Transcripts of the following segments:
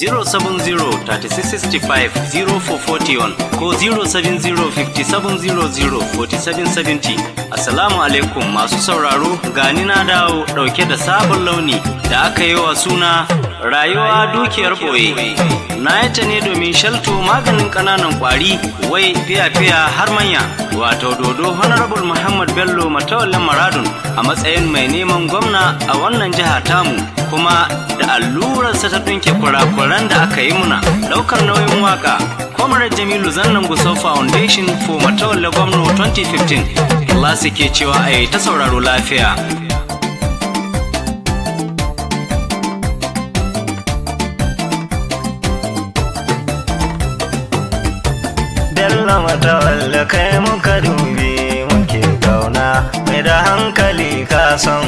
070 ko 0705700 Assalamu alaikum masu sauraro gani na dawo dauke da sabon launi da aka yi wa suna rayuwa dukiyar boye Na yi ne domin shalto maganin ƙananan ƙwari wai fiya-fiya har manya wato dodo honorable Muhammad Bello Matawallan Maradun a matsayin mai neman gwamna a wannan jiha tamu. kuma da allurarsa ta ɗinke kurakuran da aka yi muna ɗaukar nauyin waka comrade jamilu zannan gusau foundation for matawalla lagomno 2015 klasi ke cewa a yi ta sauraro lafiya Bello matawal kai muka dubi muke gauna mai da hankali ka kasan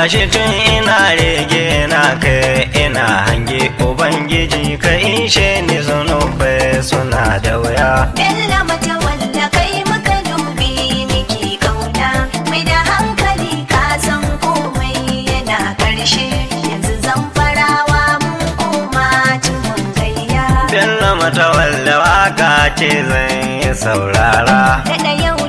gashi tun ina rege na kai ina hange ubangiji ka ishe ni zunubai suna da wuya Bello mata wanda kai maka dubi miki ƙauna, mai da hankali ka san komai yana karshe yanzu zan farawa mun koma tuhun gayya Bello mata wanda waka ce zan yi saurara da yau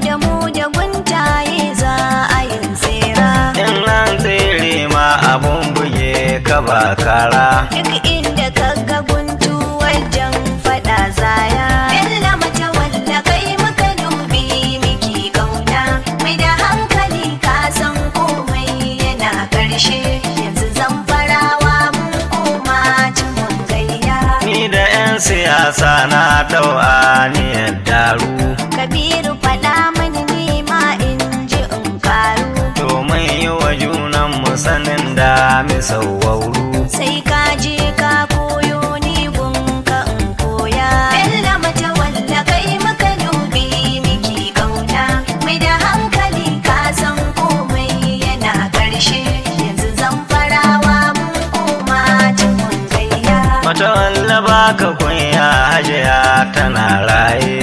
mun buge ka ba kara duk inda ka ga guntu wajen fada zaya bella mace wanda kai muka dubi miki kauna mai da hankali ka san komai yana karshe yanzu zan farawa mun koma cikin gayya ni da yan siyasa na dau'a ni daru kabi mi sai ka je ka koyo ni gunka in koya Bello mace walla kai maka dubi miki kauna mai da hankali ka san komai yana karshe yanzu zan farawa mun koma cikin gayya mata walla baka kunya hajiya tana raye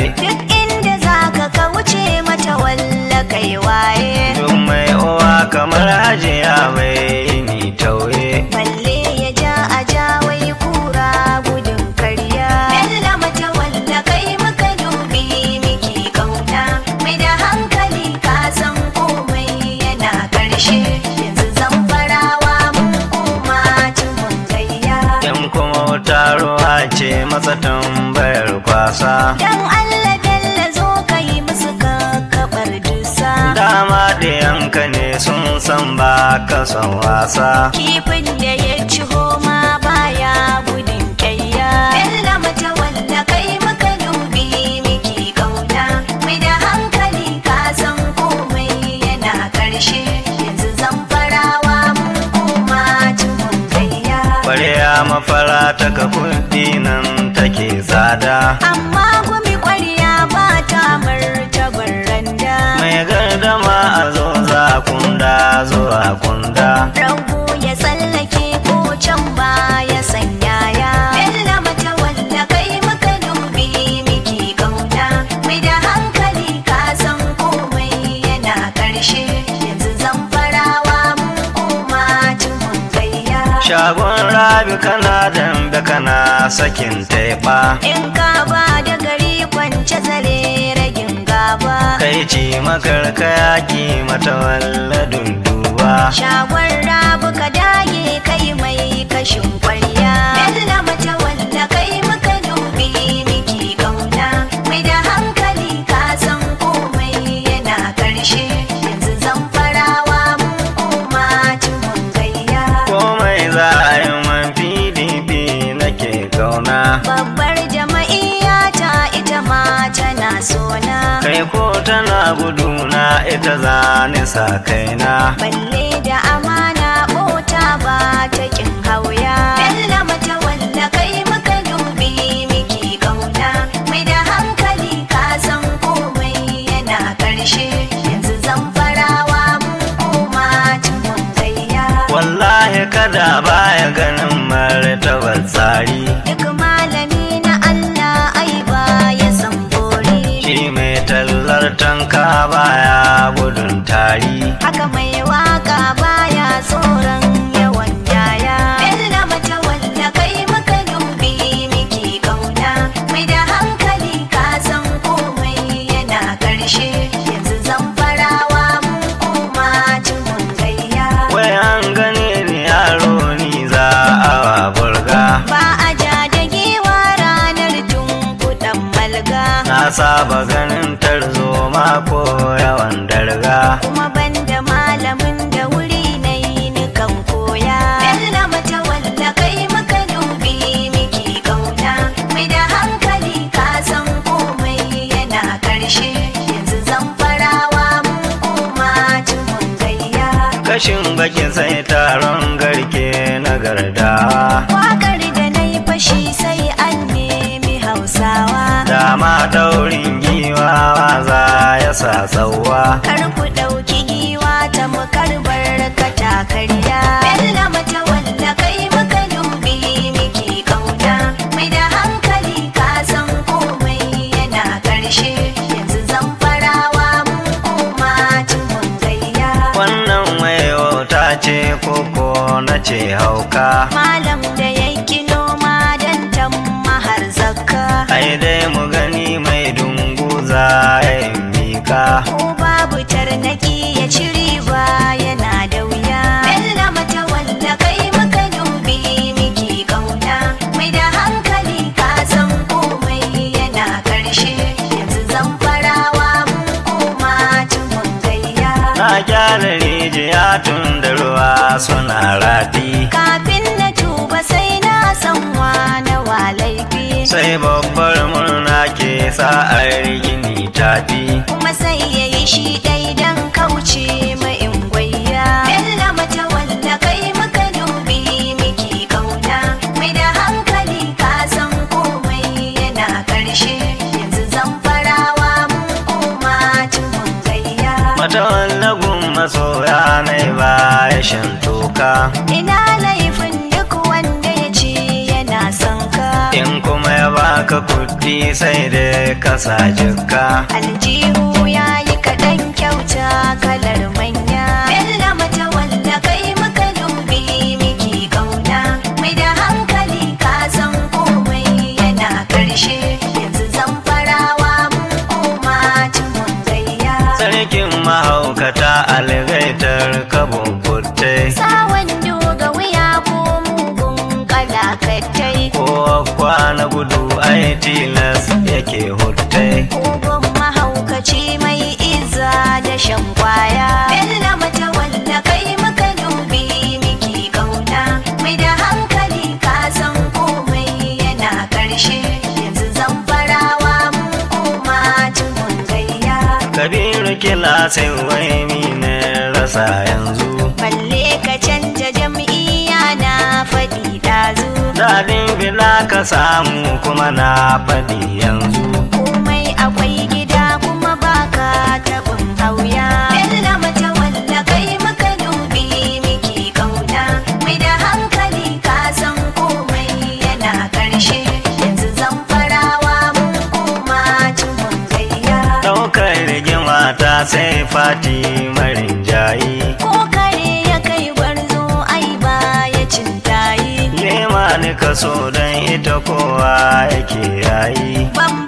batun bayar kwasa dan Allah dalla zo ka yi musu kakkabar dusa dama da yanka ne sun san ba ka son wasa kifin da ya ci homa baya gudun kyayya bella mata walla kai maka dubi miki kauna mai da hankali ka san komai yana karshe yanzu zan farawa mun koma cikin gayya Kwariya mafara ta kafin tsada amma gumi ƙwarya ba ta martabar randa mai gardama a zo za kunda zuwa kunda sakin taifa in ka ba da gari kwance zale ragin gaba kai ce makarka yaki mata walladun duba shagon rabu ka dage kai mai kashin kwari ne ko tana na ita zane sa kaina balle da amana bota ba ta kin hauya bella mata walla kai muka dubi miki kauna mai da hankali ka san komai yana karshe yanzu zan farawa mu koma cikin gayya wallahi kada baya ganin martabar tsari ka baya gudun tari haka mai waka baya tsoron yawan yaya Bello mace wanda kai maka nubi miki kauna mai da hankali ka san komai yana karshe yanzu zan farawa mu kuma cikin gayya wai an gane ni yaro ni za a burga ba a ja giwa ranar tun malga na saba gani rawa ko rawan darga kuma ban da malamin da wuri na yi kan koya Bello mace walla kai muka dubi miki kauna mai da hankali ka san komai yana karshe yanzu zan farawa mun koma cikin gayya kashin bakin sai taron garke na garda wakar da na yi fashi sai an nemi hausawa dama daurin giwa za sa tsawa kar ku ɗauki giwa ta makar karbar Bello karya bella mata walla kai maka dubi miki kauna mai da hankali ka san komai yana karshe yanzu zan farawa mun koma mun gayya wannan wayo ta ce koko na ce hauka malam ko babu tarnaki ya ci riba yana da wuya bella mata walla kai maka dubi miki kauna mai da hankali ka san komai yana ƙarshe yanzu Zamfarawa farawa mun koma tumun gayya na gyara rijiya tun da ruwa suna rafi kafin na tuba sai na san wa na walaifi sai babba sa sa'ar gini tafi kuma sai ya yi shi dai don kauce ma in gwayya bella mata walla kai muka dubi miki kauna mai da hankali ka san komai yana karshe yanzu zan farawa mun koma cikin gayya mata walla gun masoya mai ba ya toka ina nai Ka kuɗi sai da kasa jikka aljihu ya yi kaɗan kyauta ai tilas yake hurtai uban mahaukaci mai iza da shan kwaya bella mata walla kai muka dubi miki kauna mai da hankali ka san komai yana ƙarshe yanzu Zamfarawa farawa mu koma cikin gayya kabiru kila sai wai ne rasa yanzu daɗin bila ka samu kuma na faɗi yanzu komai akwai gida kuma baka tabin auya bella mata walla kai maka dubi miki kauna mai da hankali ka san komai yana ƙarshe yanzu zan farawa mun koma cikin gayya ɗaukar rigima ta sai fati marin jayi ka so don ita kowa yake yayi.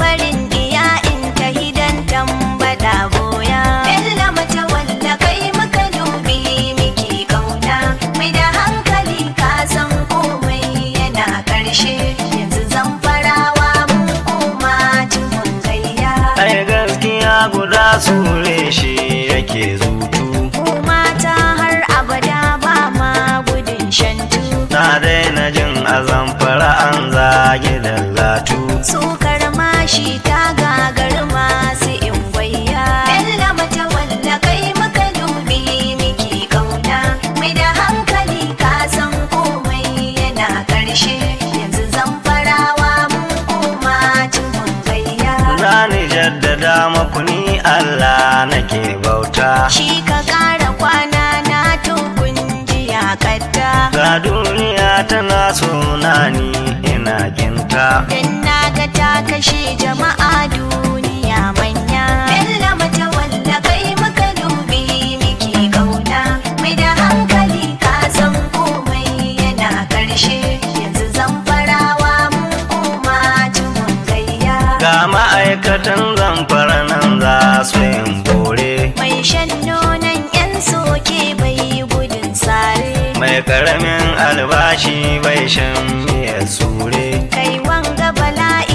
Sukar mashi ta gagar masu ingwaya. Bella mata wanda kai muka dubi miki kauna. Mai da hankali ka san komai yana karshe. Yanzu zan farawa mun koma cikin gayya. Zani jaddada maku ni Allah nake bauta. Shi ka kara kwana na tukun jiya kadda. Ga duniya tana sunani ina ginta. kashe jama'a duniya manya Bello mata wallakai kai muka dubi miki kauna mai da hankali ka san komai yana ƙarshe. yanzu zamfarawa mu koma cikin gayya ga ma'aikatan zamfara nan za su yin bore mai shanno nan yan soke bai gudun sare mai karamin albashi bai shan miyar sure kai wanga bala'i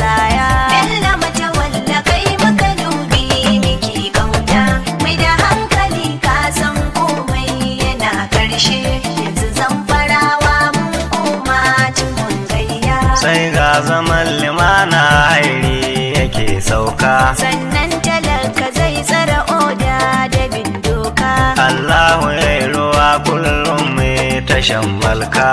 saya Bella mata walla kai maka dubi miki kauta mai da hankali ka san komai yana ƙarshe, yanzu zamfarawa farawa mun koma cikin gayya sai ga zaman limana hairi yake sauka sannan talaka zai tsara oda da bin doka Allahu ya ruwa kullum mai tashan balka.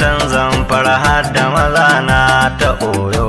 matan zamfara har da maza na ta oyo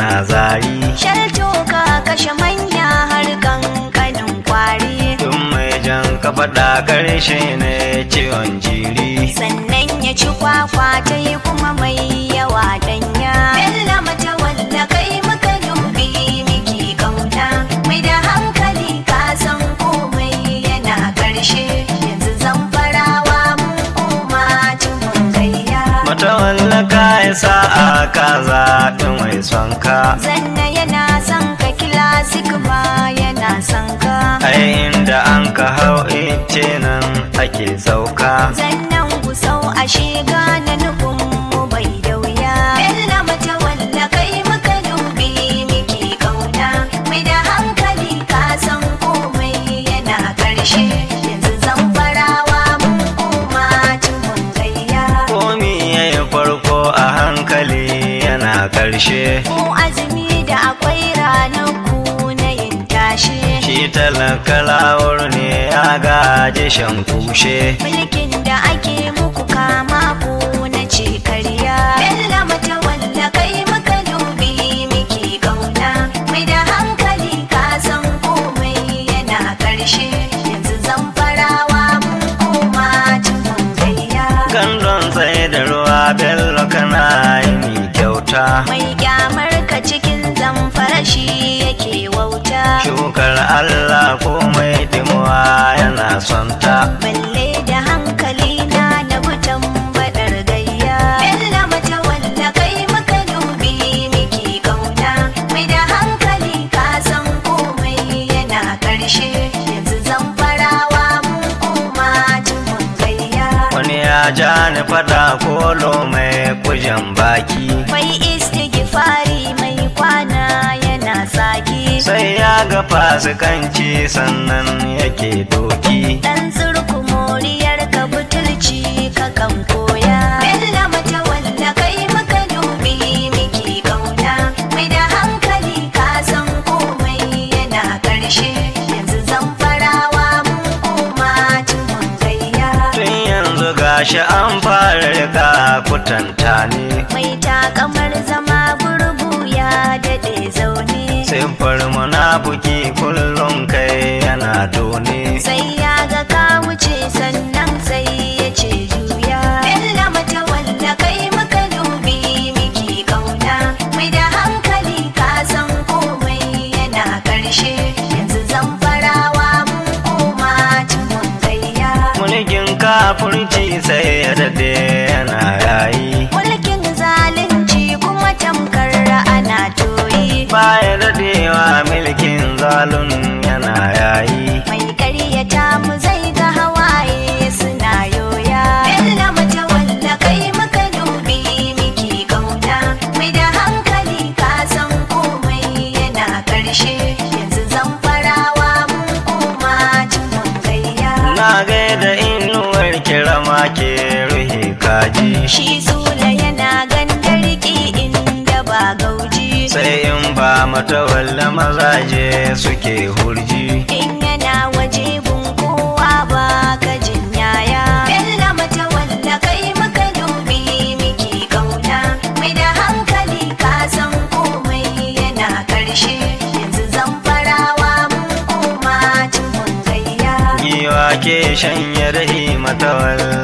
na zari shalto ka kashe manya har kanin kwari tun mai jan ka faɗa karshe ne ciwon jiri sannan ya ci kwakwa ta yi kuma mai yawa danya bella mata walla kai maka yumbi miki kauta mai da hankali ka san komai yana karshe yanzu zan zamfarawa mun koma cikin gayya mata a kaza ɗin mai son ka zanna yana son ka kila ma yana son ka ai inda an ka hau ce nan ake sauka zannan gusau ashe hankali yana ƙarshe mu azumi da akwai ranar ku na yin tashe shi talakalawar ne ya gaje shan kushe mulkin da ake muku kama mai kyamar ka cikin zamfara shi yake wauta shukar Allah ko mai dimuwa yana son balle da hankali na na gutan badar gayya bella mata walla kai maka dubi miki kauna mai da hankali ka san komai yana ƙarshe yanzu zamfarawa mu kuma tun gayya wani ya ja ni fada kolo mai kujan baki fari mai kwana yana saki sai ya ga fasikanci sannan yake doki dan surku moriyar ka butulci ka kan koya bella mata walla kai muka dubi miki kauna mai da hankali ka san komai yana karshe yanzu zan farawa mun koma mun gayya tun yanzu gashi an fara ka kutanta ne mai takamar zama siffar buki kullum kai yana tone. Sai mulkin zalun yana yayi yana mata walla mazaje suke hurji in yana waje kowa ba ka jin yaya bella mata walla kai muka dubi miki kauna mai da hankali ka san komai yana karshe yanzu zan farawa mun koma cin mun gayya ke shanye rahi mata walla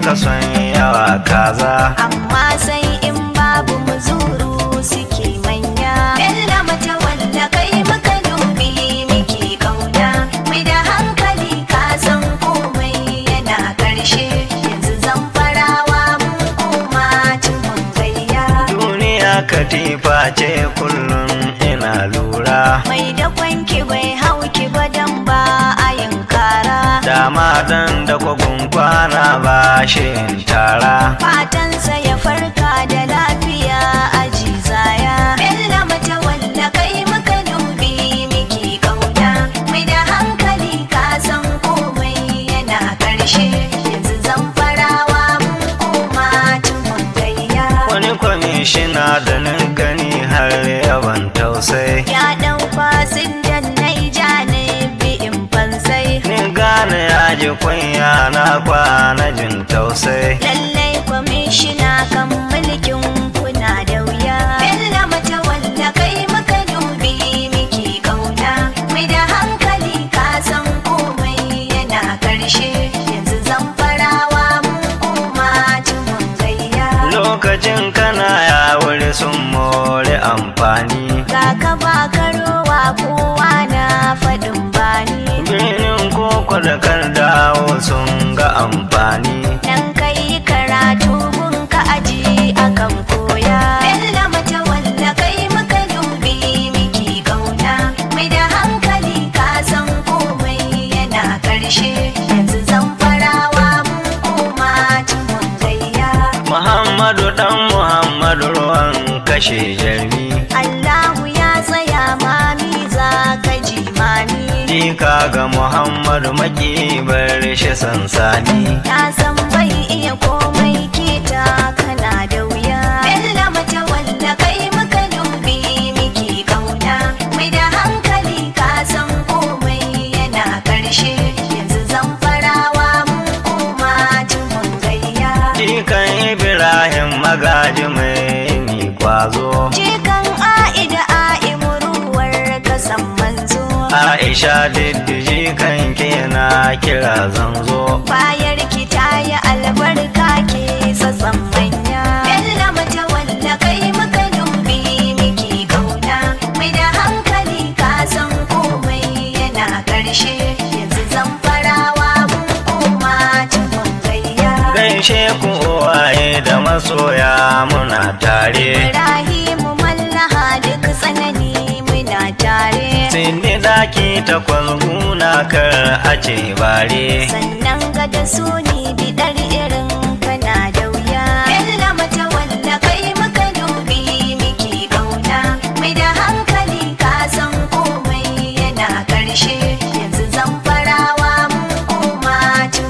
ka son yawa kaza amma sai in babu muzuru suke manya bella mata walla kai maka dubi miki kauna mai da hankali ka san komai yana karshe yanzu zan farawa mu koma cikin mutayya duniya katifa ce kullum ina lura mai da kwagun kwana ba shi tara. Fatan kwanya na kwana jin tausayi sun ga amfani dan kai karatu mun ka aji a kan koya bella mace walla kai muka dubi miki gauna mai da hankali ka san komai yana karshe yanzu zan farawa mu koma mun gayya muhammadu dan muhammadu ruwan kashe jarmi. jika ga Muhammad maki bar shi sansani. Ya san bai iya komai kita Aisha diddiji kan kina kira zanzo. Bayar ki ta yi albarka ke sassan manya. Bello mata walla kai muka dumbi miki gauna. Mai da hankali ka san komai yana ƙarshe. Yanzu zan farawa mun koma cikin gayya. Gaishe ku waye da masoya muna tare. ni ta kwalguna kar a ce bare sannan ga da su ni bidar irin kana da wuya illa mata walla kai maka dubi miki kauna mai da hankali ka san komai yana karshe yanzu zan farawa mun koma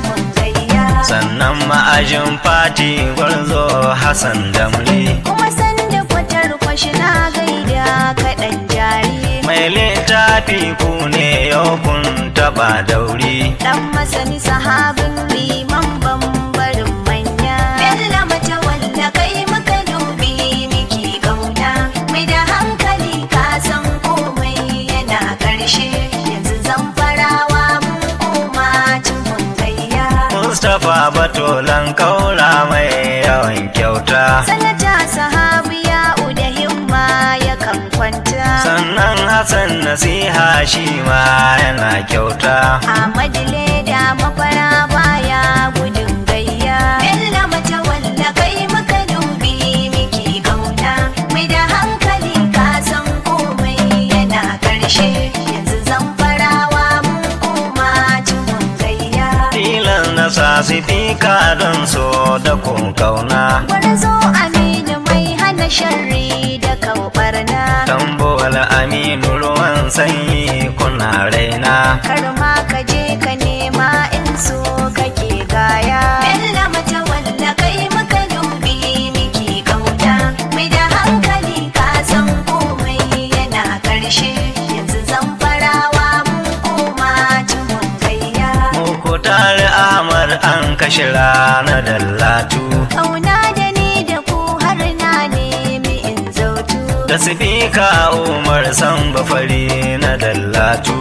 mun gayya sannan ma'ajin fati gwarzo hasan damle kuma san da kwatar kwashi na gaida kaɗan jari mai littafi ku ne yau taba dauri. Dan masani sahabin liman bambarin manya. Bella mace wanda kai maka dubi miki gauna. Mai da hankali ka san komai yana karshe. Yanzu zan farawa mu kuma cikin gayya. Mustapha Batolan kaura mai yawan kyauta. Sanata nasiha shi ma yana kyauta Ahmad leda makwara baya gudun gayya Bello mace walla kai muka dubi miki gauna mai da hankali ka san komai yana karshe yanzu zan farawa mun koma cikin gayya Tilan na sasifi don so da kun kauna Wani zo aminu mai hana sharri da kaubarna Tambo sanyi kuna raina kar ma ka je ka nema in so kake gaya bella mata walla kai muka dubi miki kauta mai da hankali ka san komai yana karshe yanzu zan farawa mu koma cikin kaiya. mu ko tare amar an kashe rana dallatu sifika umar samba fari na dallatu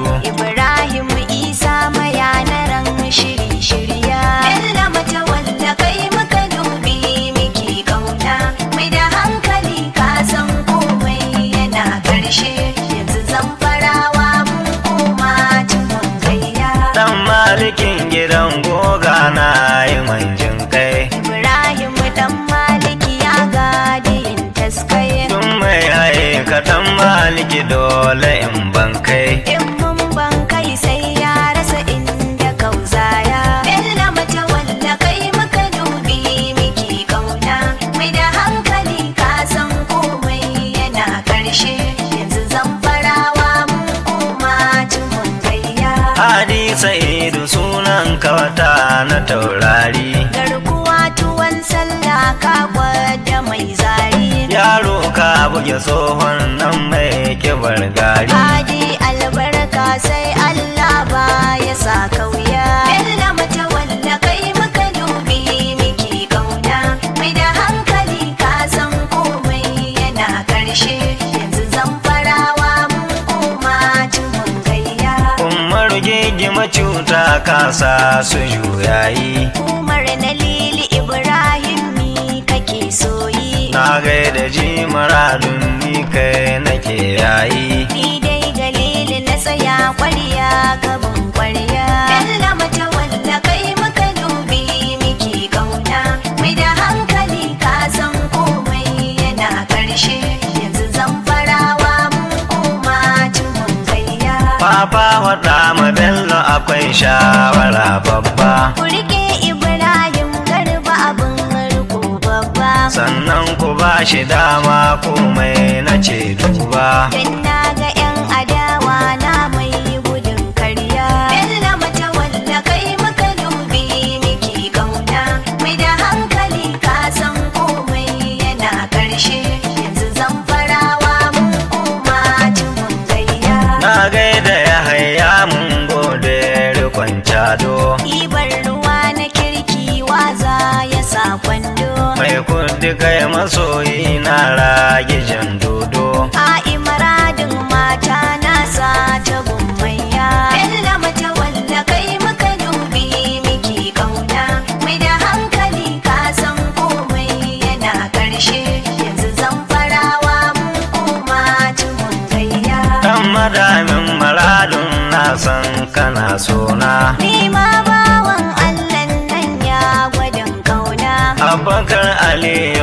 ya tsohon nan mai kibar gari hadi albarka sai allah ba ya sa kauya bella mata walla kai muka dubi miki kauna mai da hankali ka san komai yana karshe yanzu zan farawa mun koma mun gayya umar gigi macuta kasa su juyayi gaida ji muradun ni kai nake yayi ni dai dalili na tsaya kwariya gaban kwariya bella mata walla kai muka dubi miki kauna mai da hankali ka san komai yana karshe yanzu zan farawa mun koma tun gayya papa wada ma bello akwai shawara babba ku ba shi dama komai na ce duba. Dan na ga 'yan adawa na mai gudun karya. Bella mata walla kai muka dubi miki kauna. Mai da hankali ka san komai yana karshe. Yanzu zan farawa mun koma cikin gayya. Na gaida ya haya mun gode rikon cado. Ibar ruwa na kirki waza ya sa kwando. muradi kai masoyi na rage jan dodo ai muradin mata na sa ta gummayya illa mace wanda kai muka dubi miki kauna mai da hankali ka san komai yana karshe yanzu zan farawa mu kuma cikin gayya dan madamin muradin na san kana sona ni ma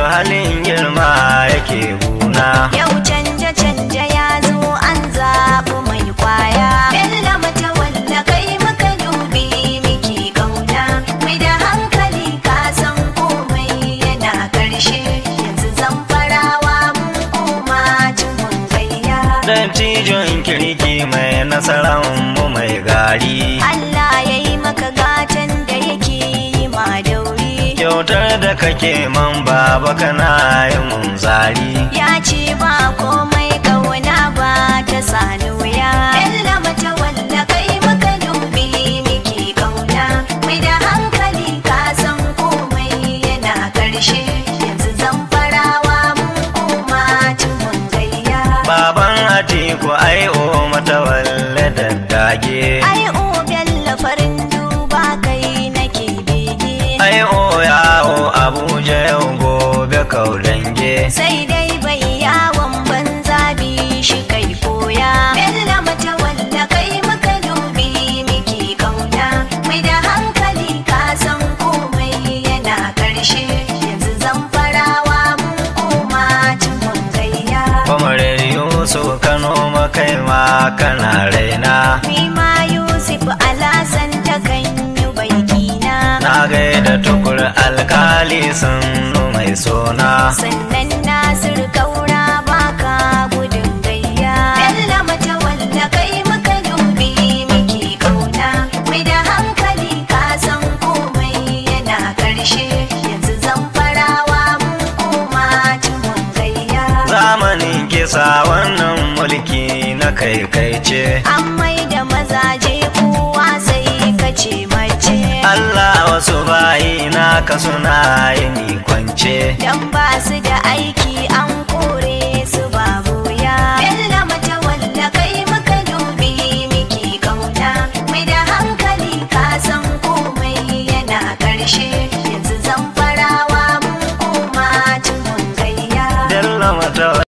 halin girma yake guna yau canje canje ya zo an zaɓi mai kwaya bella mata wanda kai muka dubi miki kauna mai da hankali ka san komai yana ƙarshe, yanzu zan farawa mu koma cikin gayya dan cijon kirki mai nasarar mu mai gari Allah ke man baba kana yin zari ya ce ba komai kawuna ba ta sani nisan mai sona sannan Nasiru kaura baka gudun gayya bella mata walla kai muka dubi muke kauna mai da hankali ka san komai yana karshe yanzu zan farawa mu koma mun gayya zamanin kisa wannan mulki na kai kai ce amma wasu bayi na ka suna yi kwance. Dan ba su da aiki an